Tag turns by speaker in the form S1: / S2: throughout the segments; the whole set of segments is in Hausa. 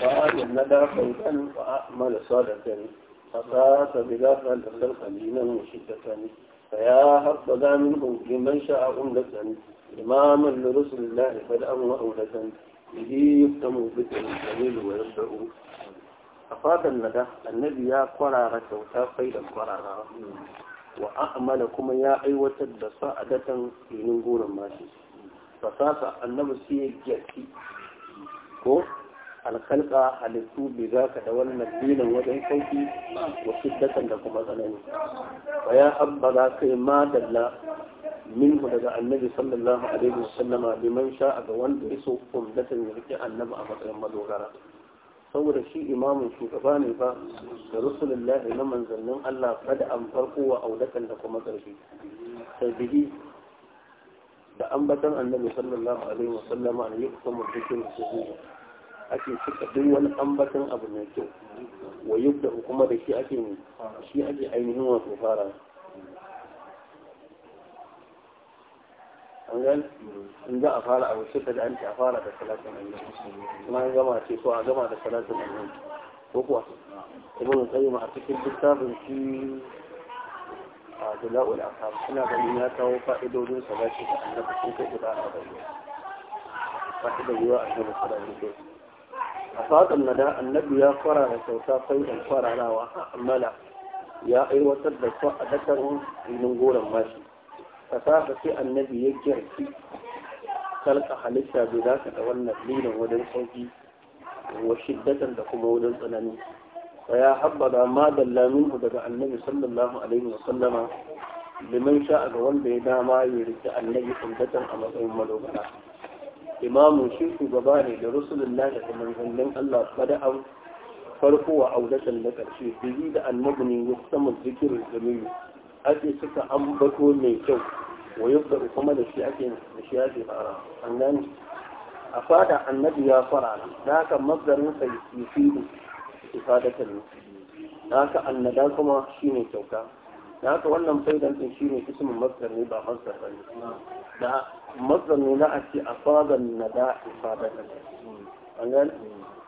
S1: فآت الندى فوتا وأعمل صالحا فقاس بذاك الخلق دينا وشدة فيا هبذا منه لمن شاء أملة إماما لرسل الله فدأا وأولة به يختم ذكر الجميل ويبدأ أفاد الندى النبي يا قرارة وتاقيد القرارة وأعمل كما يا أيوة بصعدة في نقول ماشي فقاس النبي سيجاتي ko alkalka halittu bi za ka da wannan dinin wajen sauki wa shiddatan da kuma tsanani Ba ya habbaza kai ma dalla minhu daga annabi sallallahu alaihi wasallama biman sha'a ga wanda ya so umdatan ya rike annabi a matsayin madogara saboda shi imamin shugaba ne ba, da rasulullahi na manzannin Allah fada an farko wa audatan da kuma ƙarshe sai da ambatan annabi sallallahu alaihi wasallama ne ya kusa mutukin su ake cika duk wani ambatan abu mai kyau wa yadda kuma da shi ake ne shi ake ainihin wato fara an gan in za a fara abu suka da an a fara da salatin annabi kuma an gama ce ko a gama da salatin annabi ko kuwa ibn qayyim a cikin littafin shi a dala'ul afam ina ganin ya kawo fa'idodin salati da annabi sun kai guda a bayyana fa'idar yiwa a cikin alaihi a fatan nada annabi ya fara da kyauta sai in fararawa amala ya aiwatar da su a dakar filin goron mashi fasaha sai annabi ya kirki kalka halitta bai za ta da wannan lilin wajen sauki wa shiddatan da kuma wajen tsanani ya habbada ma dalla minhu daga annabi sallallahu alaihi wa sallama liman sha'a ga wanda ya dama ya rike annabi kuntatan a matsayin madogara Imamu shi shugaba ne da rusulun lahi da manzannin Allah bada'an farko wa audatan da ƙarshe biyu da annabinin ya sama zikirin jamilu ake suka ambato mai kyau wa da kuma da shi ake da shi ake fara a fada annabi ya fara da haka mazdarin sa yufidu ifadatan da haka annada kuma shi ne kyauta Na ka wannan faidan din shine ismin mazdar ne ba mazdar bane
S2: da مصدر
S1: ne na a ce a fadan na da ifadatan an gani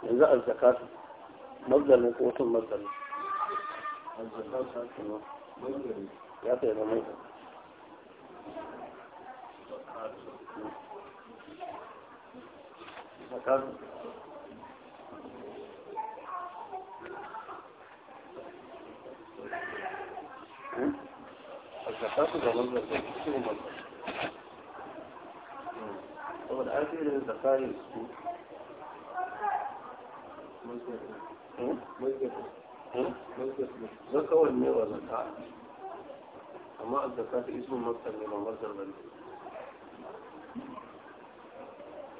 S1: yanzu a zakatu مصدر ne ko wasu مصدر ya ta zama mai zakatu الزكاة ده مصدر ده كتير
S2: مصدر saboda an fi da tsakanin su
S1: zaka wani ne ba zaka amma a zaka ta isu makar ne ba masar ba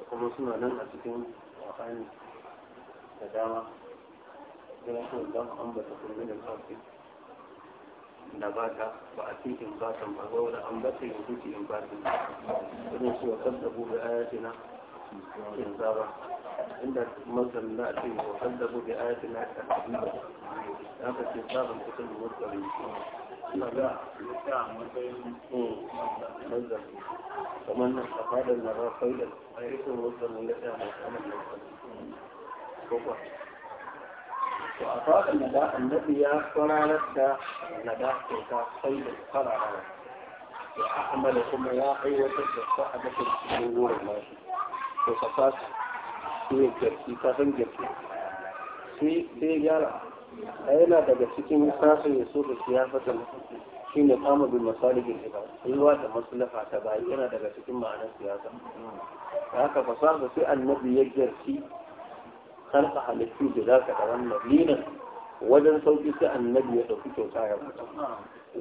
S1: kuma suna nan a cikin wahani da dama yana kuma dama ambata kuma da kafin da ba ba a cikin fasan ba wadda an ba ta yin kuki in fasan ba ne su wakar da bude ayatina cikin zaba inda mazan na a wakar da bude ayatina a cikin ba ya ka ce sabon kusan da wasu ɗari su ba ga ya kamar a fadar na ba fayyar a yi kusan wasu ɗari na ɗaya masu amalin ko ba وأطال النداء الذي نداء نداءك خير القرع وأعملكم يا أيوة الصحبة الجمهور الماشي وصفات في الجرسي كافن جرسي في في جارة أين تجرسي كم ساسة يسوق السياسة shine kama bin masalihin ibad yiwa da maslaha ta bayi yana daga cikin ma'anar siyasa da haka fasaha sai a halittu da za ka da wannan wajen sauki sai annabi ya ɗauki kyauta ya mutu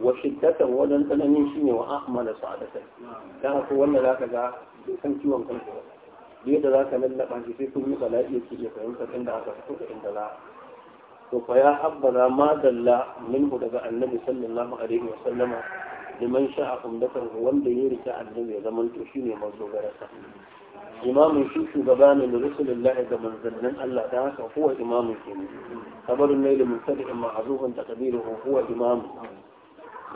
S1: wa shiddatan wajen tsananin shi ne wa ahmala sa'adatan dan haka wannan zaka ga san ciwon kanka ba da yadda ka lallaɓa shi sai kun yi bala'i yake iya fahimtar inda aka fito da inda za to fa ya habbara ma dalla minhu daga annabi sallallahu alaihi wa sallama liman sha'a umdatan wanda ya rike annabi ya zamanto shine mazogararsa imamun shi shugaba ne da rasulullah ga manzannin Allah ta haka huwa imamun shi ne kabarin ne da mutsadin ma'azufin takdiruhu huwa imamu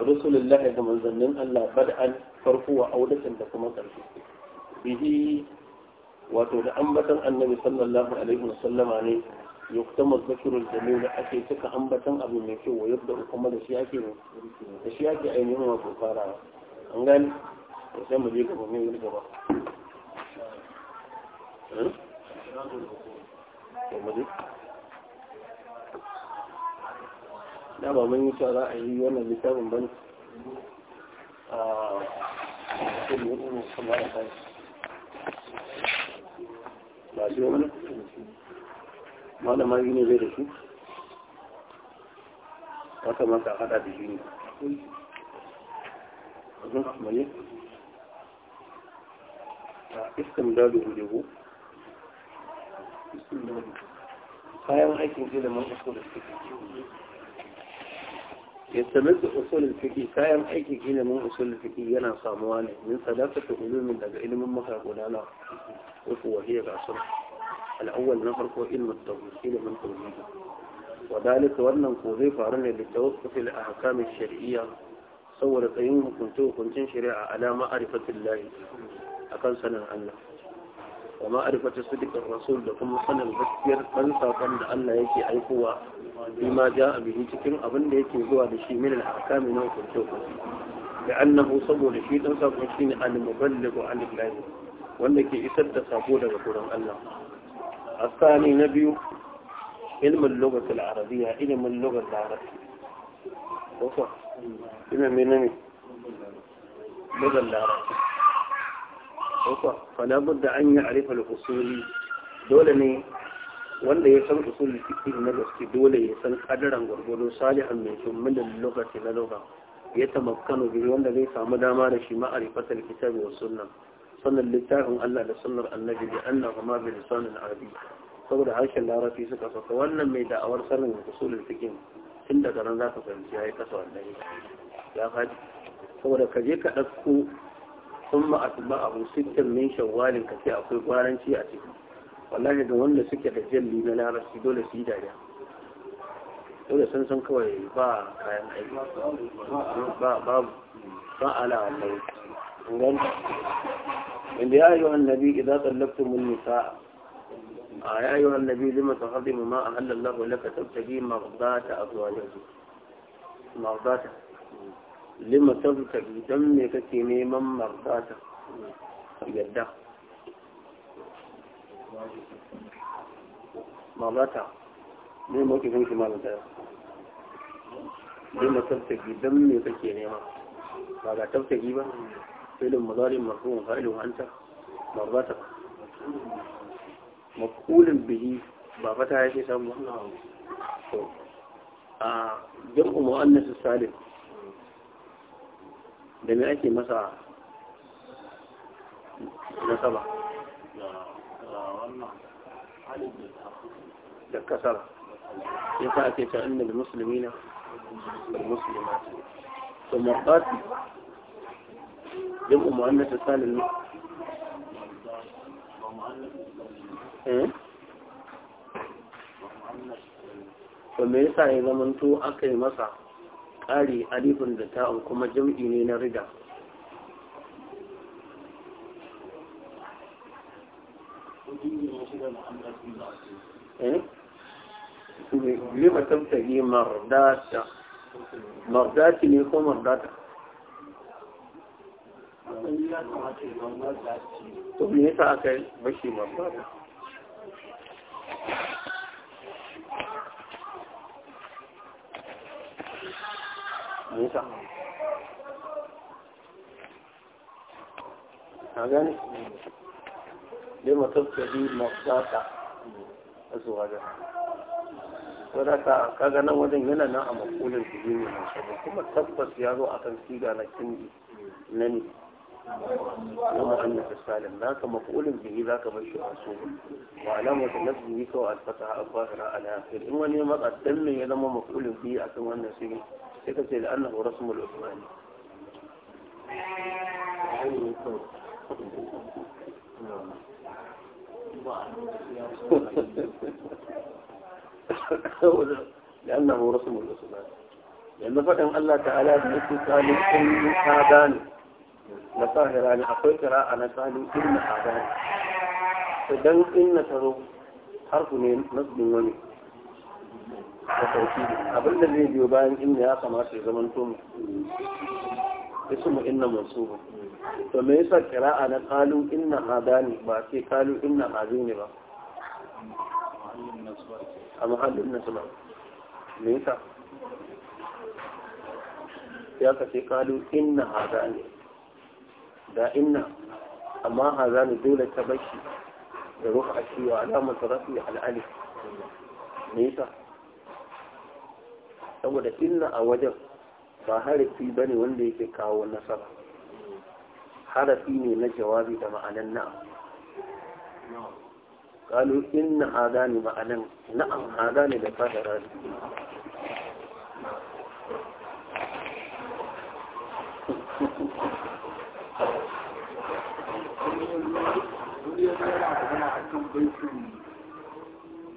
S1: rasulullah ga manzannin Allah bad'an farko wa audatan da kuma karshe bihi wato da ambatan annabi sallallahu alaihi wasallama ne yuktamar zakirul jamil ake cika ambatan abu mai kyau wa yadda kuma da shi ake da shi ake ainihin wato farawa an gani sai mu je gaba mai gaba
S2: mudu da ba mun yi za
S1: a yi wannan littafin bane a cikin mutum kuma da kai ba shi wani yi ne zai da shi wata masa hada da shi ne mai istimdalu lahu istimdalu كده من أصول usul يستمد أصول الفقه كائن أيكي كده من أصول الفقه ينا صاموانه من ثلاثة علوم من العلم المفرق وفو وهي بعصر الأول نفرق علم التوحيد من توحيد وذلك وأن قوضي فارني للتوقف الأحكام الشرعية صورت أيهم كنتو كنتين شريعة على معرفة الله أكن سنة الله wa ma'arifata sidikin rasul da kuma sanin gaskiyar ɗan saƙon da Allah yake aikowa bima ja a bihi cikin abin da yake zuwa da shi min al-ahkami na hukunce hukunci da annahu saboda shi ɗan saƙon shine al-muballighu al-ilahi wanda ke isar da sako daga gurin Allah الثاني نبي علم اللغة العربية علم اللغة العربية وصح علم من اللغة العربية fala budda an a al-usuli dole ne wanda ya san usul na gaske dole ya san kadaran sali salihan mai da lokaci na lugha ya tamakkanu bi wanda zai samu dama da shi ma'rifatul kitabi wa sunnah sannan littafin Allah da sunnar annabi da annahu ma bi lisanin arabi saboda harshen larabci suka saka wannan mai da'awar sanin usulul fiqh tun daga nan za ka fahimci ya yi kasa wannan ya faɗi saboda ka je ka ɗauko ثم أتبعه ستا من شوال ce, akwai قارن a cikin والله da wanda suke da jalli na larabci dole su yi dariya dole sun san kawai ba kayan aiki ba babu ba ala wallahi ingan inda ya ayyuhan nabi idza tallaqtumul nisaa يا أيها النبي لما تحرم ما أهل الله لك تبتغي مرضات أزواجك مرضاتك lima tabtaki don me kake neman marsata yadda mamata ne mafi kun shi mamata lima tabtaki don me kake nema ba ga tabtaki ba filin mazarin mafi fa'ilin hanta marzata makulin bihi ba fata ya ce samu a jam'u mu'annasu salim da me ake masa nasaba da kasar. ya sa ake ta inda da musulmi na
S2: da musulmati to mardati
S1: jam'u mu'annas salim eh to me yasa ya zamanto aka yi masa ƙari alifin da ta'un kuma jam'i ne na rida eh? lima mardata ne ko mardata to aka bashi mardata wuta a gani lima tattali mafsata a zuwa da wadata kaga nan wajen yana nan a makulin su ne na kuma tabbas ya zo a kan siga na kindi na ne
S2: na muhammad
S1: salim za ka makulin bihi za ka bashi a so wa da alamata yi kawai alfata a zahira a lafiyar in wani makaddan ne ya zama makulin bihi a kan wannan siga سيكتي لأنه رسم العثماني لأنه رسم العثماني لأن فإن الله تعالى بإسم ثاني كل هذان لطاهران أقول ترى أنا ثاني كل هذان فدن إن تروا حرف نصب ونصب abin da zai biyo bayan inda ya kamata ya zama to suna inna ba to me yasa a na kalu inna ne? ba ke kalu inna ne ba a mahallin ba, me yasa ya kace kalu inna ne. da inna amma hadani dole ta bashi da ruha shi wa alamun tarafi al alif me yasa saboda inna a wajen ba harafi ba ne wanda yake kawo nasara, harafi ne na jawabi da ma'anan na'am kalu inna a ne ma'anan na'am a ne da fata rari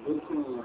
S1: Thank you.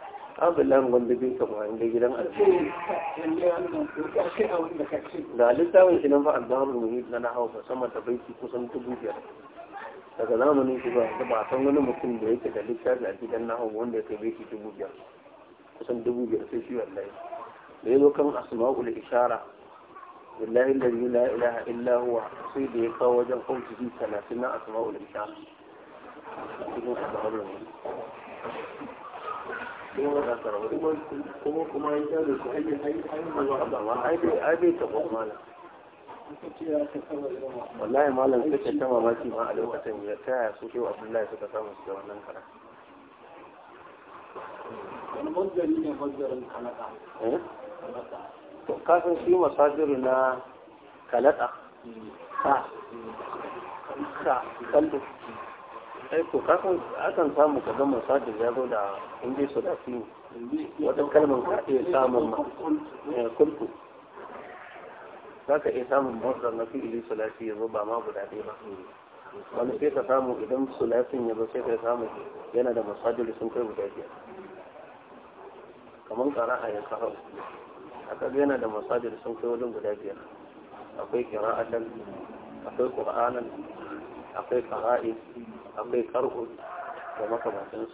S1: abdullahi wanda bai kama hanga gidan alfahari da littafin shi nan fa albaharul muhit na hausa sama da baiki kusan dubu biyar daga zamanin shi ba ba san wani mutum da yake da littafi a gidan nahu wanda ya kai baiki dubu biyar kusan dubu biyar sai shi wallahi da ya zo kan asma'ul ishara billahi allazi la ilaha illa huwa sai da ya kawo wajen kauci talatin na asma'ul ishara cikin asma'ul muhit kuma kuma ya da su ai bai taɓa
S2: wallahi malam suka ta mamaki ma a lokacin
S1: ya taya su kewa abdullahi suka samu su wannan kara eh? to kasan shi masajiru na kalata hmm. ka hmm. aiko kakan akan samu ka gama sadi ya zo da inda su da su wata kalmar ka iya samun ma eh, kulku za ka iya samun mazar na fi fi'ili sulasi ya zo ba ma guda ɗaya ba wani sai ka samu idan sulasin ya zo sai ka samu yana da masajiri sun kai guda biyar kamar ƙara'a ya karau aka yana da masajiri sun kai wajen guda biyar akwai kira'atan akwai ƙura'anan akwai ƙara'i akwai karhu da makamantansu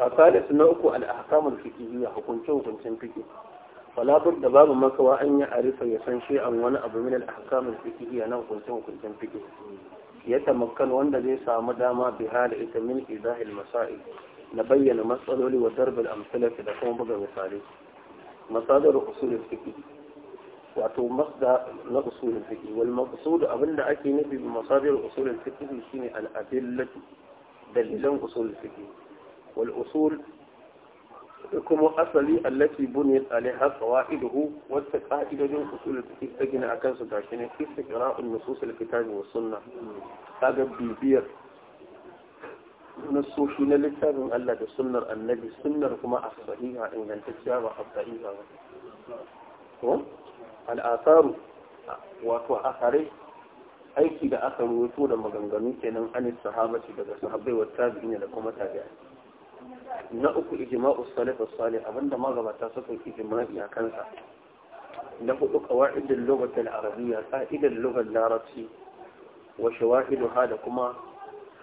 S1: a salis na uku al'ahkamar fikihiyya hukuncin hukuncin fiki wala da babu makawa an yi arifa ya san shi an wani abu min fiki fikihiyya na hukuncin hukuncin fiki ya tamakkan wanda zai samu dama bi da ita min izahil masa'i na bayyana matsaloli wa darbal amsalati da kuma buga misali masadar usulun fiki wato masda na usulul fiqh wal maqsud abinda ake nufi bi masadir usulul fiqh shine al adillatu dalilan usulul fiqh wal usul kuma asali allati buniyat alaiha qawaiduhu wata qa'idojin usulul fiqh ta gina akan su gashi ne istiqra'un nusus al kitab was sunnah kaga bibiyar nassoshi na littafin Allah da sunnar annabi sunnar kuma as-sahiha ingantacciya ba as-sahiha ba al'asaru wato asare aiki da aka rubuto da maganganu kenan anis sahabati daga sahabbai wa tabi'in da kuma tabi'a na uku ijma'u salaf as-salih abinda magabata suka yi ijma'i a kansa na hudu qawaidul lughah al-arabiyya qa'idul lughah al-arabiyya wa shawahiduha da kuma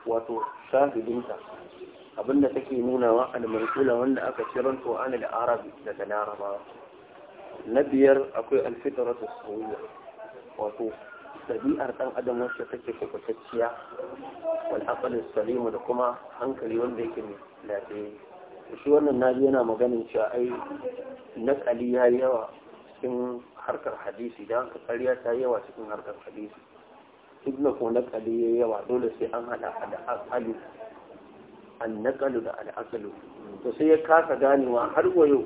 S1: wato shahidinta abinda take nuna wa al-mansula wanda aka ciranto an al-arabi daga larabawa na biyar akwai alfitar da sauya wato ɗabi'ar ɗan adam wacce take kwakwatacciya. wal salima salimu da kuma hankali wanda yake mai lafiya shi wannan na naji yana maganin cewa ai nakali ya yi yawa cikin harkar hadisi da haka ƙarya ta yawa cikin harkar hadisi na ko nakali ya yawa dole sai an hada da aqalu an da al'akalu to sai ya kasa ganewa har wa yau?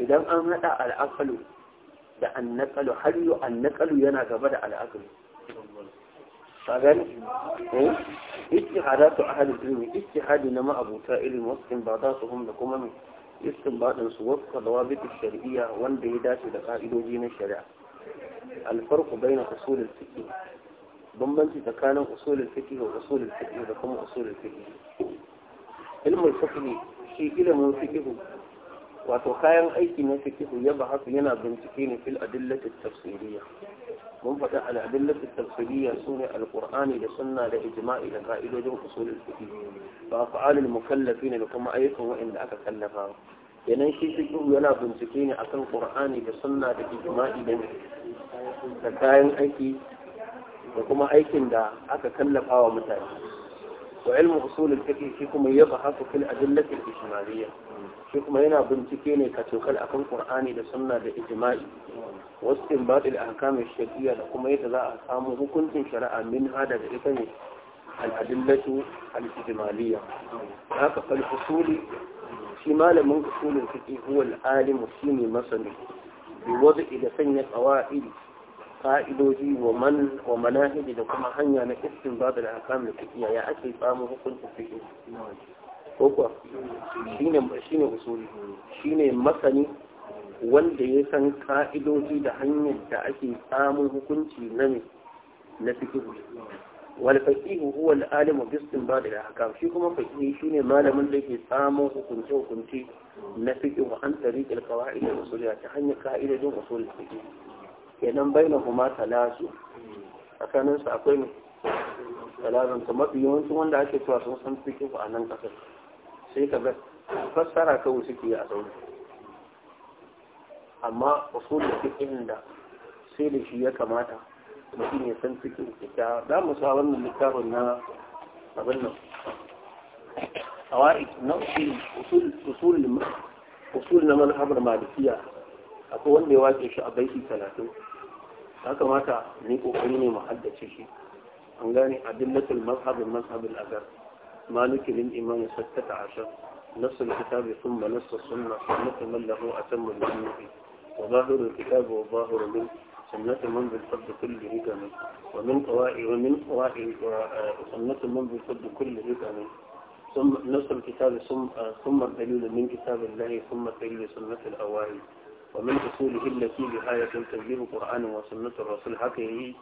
S1: إذا an على al'akalu لأن annakalu har أن annakalu yana gaba da al'akalu فقال ايه اهل الدين إتحاد انما ابو تائل واستنباطاتهم لكم من استنباطن وفق ضوابط الشرعيه وان بيدات لقائدوجين الشريعه الفرق بين اصول الفقه بمبنتي تكان اصول الفقه واصول الفقه لكم اصول الفقه علم الفقه شيء علم الفقه wato kayan aiki na fikihu ya ba haka yana bincike ne fil adillatit tafsiriyya mun faɗi al adillatit tafsiriyya sune alqur'ani da sunna da ijma'i da ka'idojin usulul fiqh fa fa'alul mukallafin da kuma ayyukan wanda aka kallafa kenan shi fikihu yana bincike ne akan qur'ani da sunna da ijma'i da da kayan aiki da kuma aikin da aka kallafa wa mutane وعلم أصول الفقه فيكم يبحث في الأدلة الإجمالية فيكم هنا بنتكيني كتوكل أكون قرآني لسنة لإجمالي واستنباط الأحكام الشرعية لكم يتضاء أحكامه كنت شرعا من هذا الإثم الأدلة الإجمالية هذا فالأصول شمال من أصول الفقه هو العالم السيني مثلا بوضع إلى سنة قواعد ka'idoji wa man da kuma hanya na istin babu da hakam da fikiya ya ake samun hukuncin fiki ko kuwa shine shine usuli ne masani wanda ya san ka'idoji da hanyar da ake samun hukunci na ne na fiki wal faqihu huwa al alimu bi istinbat al ahkam shi kuma shi ne malamin da ke samun hukunce hukunce na fiqh an tariq al qawaid al usuliyya ta hanyar ka'idojin usul fiqh kenan bai na kuma talasu su akwai ne talazanta mafi yawancin wanda ake cewa sun san kifu a nan kasar sai ka ga fassara kawai suke a sauri amma da fiqhin da sai da shi ya kamata mutum ya san fiqhin kita za mu sa wannan littafin na abin nan awai na usul na manhajar malikiya akwai wanda ya wace shi a baiki talatin. haka mata ni kokari ne mu haddace shi an gane adillatul mazhab mazhab al-azhar مالك للإمام ستة عشر نص الكتاب ثم نص السنة سنة من له أتم الجنة وظاهر الكتاب وظاهر من سنة من بالفضل كله كامل ومن قوائل ومن قوائل man من sadd kulli hikam ثم نص الكتاب ثم ثم الدليل من كتاب الله ثم الدليل سنة الأوائل ومن أصوله التي نهاية تنزيل القرآن وسنة الرسول هكذا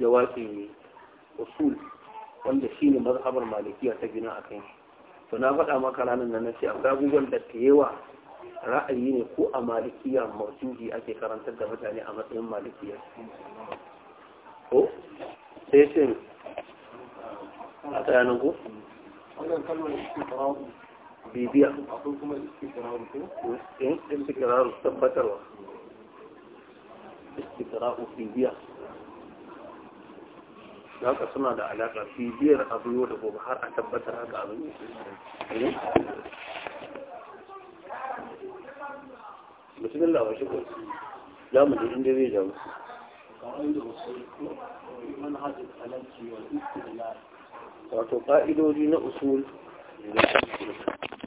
S1: جواسي أصول wanda shi ne mazhabar malikiya ta gina a kan to na faɗa maka ranar nan na ce akwai abubuwan da ta yawa ra'ayi ne ko a malikiya marjuhi ake karantar da mutane a matsayin malikiya
S2: ko sai a tsayanin bibiya
S1: in istikraru tabbatarwa istikraru bibiya haka suna da alaƙa bibiyar abu yau da gobe har a tabbatar haka abin yi
S2: musulun lawashi ko za mu ji inda zai jawo
S1: wato ƙa'idodi na usul